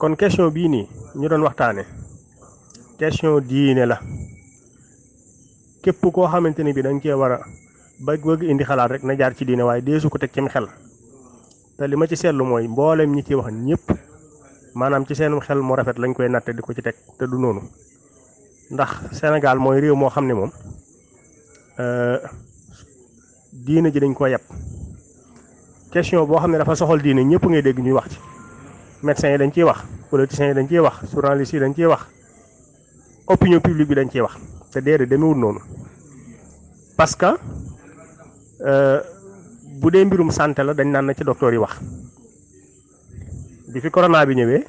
kon question bii nii ñu doon waxtaane question diine la képp koo xamante ne bi dañ nga cee war a ba bëgg indi xalaat rek na jaar ci diine waaye deesu ko teg ci xel te li ma ci seetlu mooy mboolem ñi ci wax ñëpp maanaam ci seen xel mu rafet lañ koy natte di ko ci teg te du noonu ndax Sénégal mooy réew moo xam ne moom euh, diine ji dañ ko yàpp question boo xam ne dafa soxal diine ñëpp ngay dégg ñuy wax ci. médecins yi dañ ciy wax politiciens yi dañ ciy wax journalistes yi dañ ciy wax opinion publique bi dañ ciy wax te déedéet demewul noonu parce que euh, bu dee mbirum santé la dañ naan na ci docteur yi wax bi fi corona bi ñëwee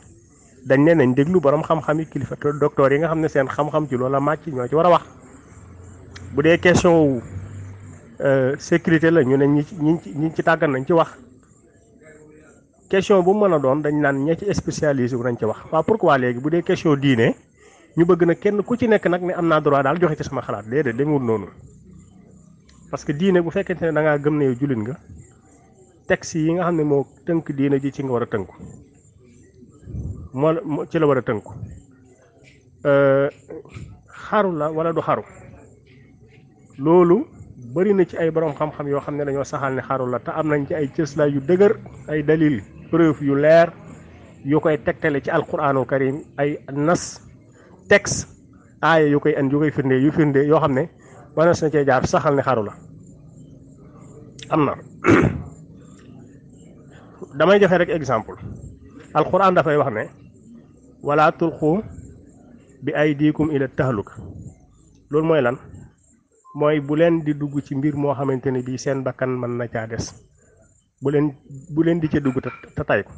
dañ neen nañ déglu borom xam-xam yi kilifa docteur yi nga xam ne seen xam-xam ci loola màcc ñoo ci war a wax bu dee question euh, sécurité la ñu ne ñi ñi ci ñi ci tàggat nañ ci wax. question bu mën a doon dañ naan ña ci wu nañ ci wax waaw pourquoi léegi bu dee question diine ñu bëgg na kenn ku ci nekk nag ne am naa droit daal joxe ci sama xalaat déedéet demul noonu parce que diine bu fekkente ne da gëm ne yow jullit nga texte yi nga xam ne moo tënk diine ji ci nga war a tënku moo ci la war a tënku euh, xaru la wala du xaru loolu bëri na ci ay borom xam-xam yoo xam ne dañoo saxaal ne xaru la te am nañ ci ay cëslaay yu dëgër ay dalil. preuve yu leer yu koy tegtale ci alxuraanu karim ay nas texte aaya yu koy and yu koy firnde yu firnde yoo xam ne manees na cee jaar saxal ne xaru la am na damay joxe rek exemple alquran dafay wax ne wala tulqu bi aydikum ila tahluka loolu mooy lan mooy bu leen di dugg ci mbir moo xamante ne bii seen bakkan mën na caa des bu leen bu leen di ca dugg ta te tay ko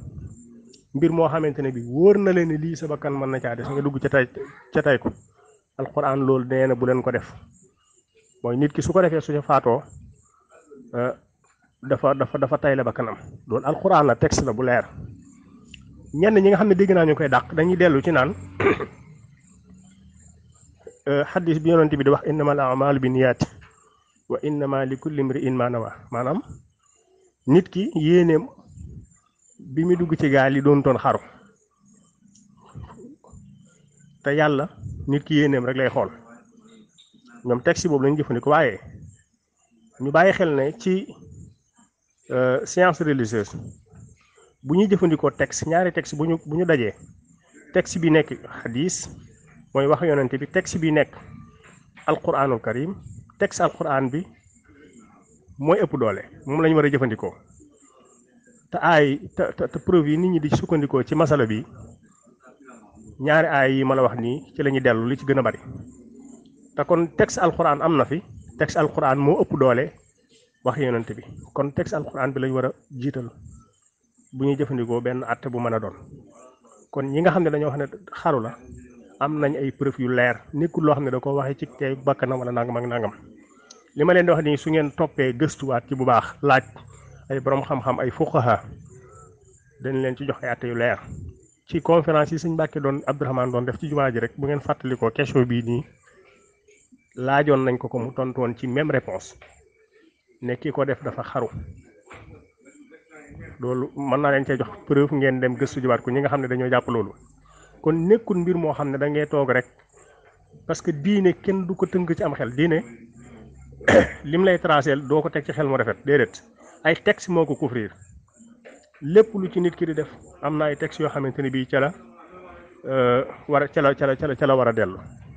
mbir moo xamante ne bi wóor na leen ne lii sa bakkan mën na caa des nga dugg ca tay ca tay ko alxuraan loolu nee na bu leen ko def mooy nit ki su ko defee su ca faatoo eh, dafa dafa dafa tay la bakkanam loolu alxuraan la texte la bu leer ñenn ñi nga xam ne dégg naa ñu koy dàq dañuy dellu ci naan eh, xaddis bi yonent bi di wax innamal a'maalu binniyaati wa innamaa li kulli imri'in maa nawaa maanaam nit ki yéeneem bi muy dugg ci gaal yi doon toon xaru te yàlla nit ki yéeneem rek lay xool ñoom texte boobu lañu jëfandikoo waaye ñu bàyyi xel ne ci euh, science religieuse bu ñuy jëfandikoo texte ñaari texte bu ñu bu ñu dajee texte bi nekk xadis mooy wax yonente bi texte bi nekk alquranul karim texte alquran bi moy ëpp doole moom lañu war a jëfandikoo te aay te te preuve yi nit ñi di sukkandikoo ci masala bi ñaari aay yi ma la wax nii ci la ñuy li ci gën bari te kon texte alquran am na fi texte alquran moo ëpp doole wax yonent bi kon texte alquran bi lañu war a jiital bu ñuy jëfandikoo benn atte bu mën a doon kon ñi nga xam ne dañoo wax ne xaru la am nañ ay preuve yu leer nekkul loo xam ne da ko waxee ci tey bakkanam wala nangam ak nangam li ma leen di wax nii su ngeen toppee gëstuwaat ci bu baax laaj ay boroom xam-xam ay fuqaha dañ leen ci jox ay atte yu leer ci conférence yi suñ bàkkee doon Abdourahmane doon def ci jumaa ji rek bu ngeen fàttalikoo question bii nii laajoon nañ ko ko mu tontu woon ci même réponse ne ko def dafa xaru loolu mën naa leen cee jox preuve ngeen dem gëstu jiwaat ko ñi nga xam ne dañoo jàpp kon nekkul mbir moo xam ne da ngay toog rek parce que diine kenn du ko tënk ci am xel diine lim lay tracé doo ko teg ci xel mu rafet déedéet ay texte moo ko couvrir lépp lu ci nit ki di def am na ay texte yoo xamante ne bii ca la euh, war a ca la ca la ca la war a dellu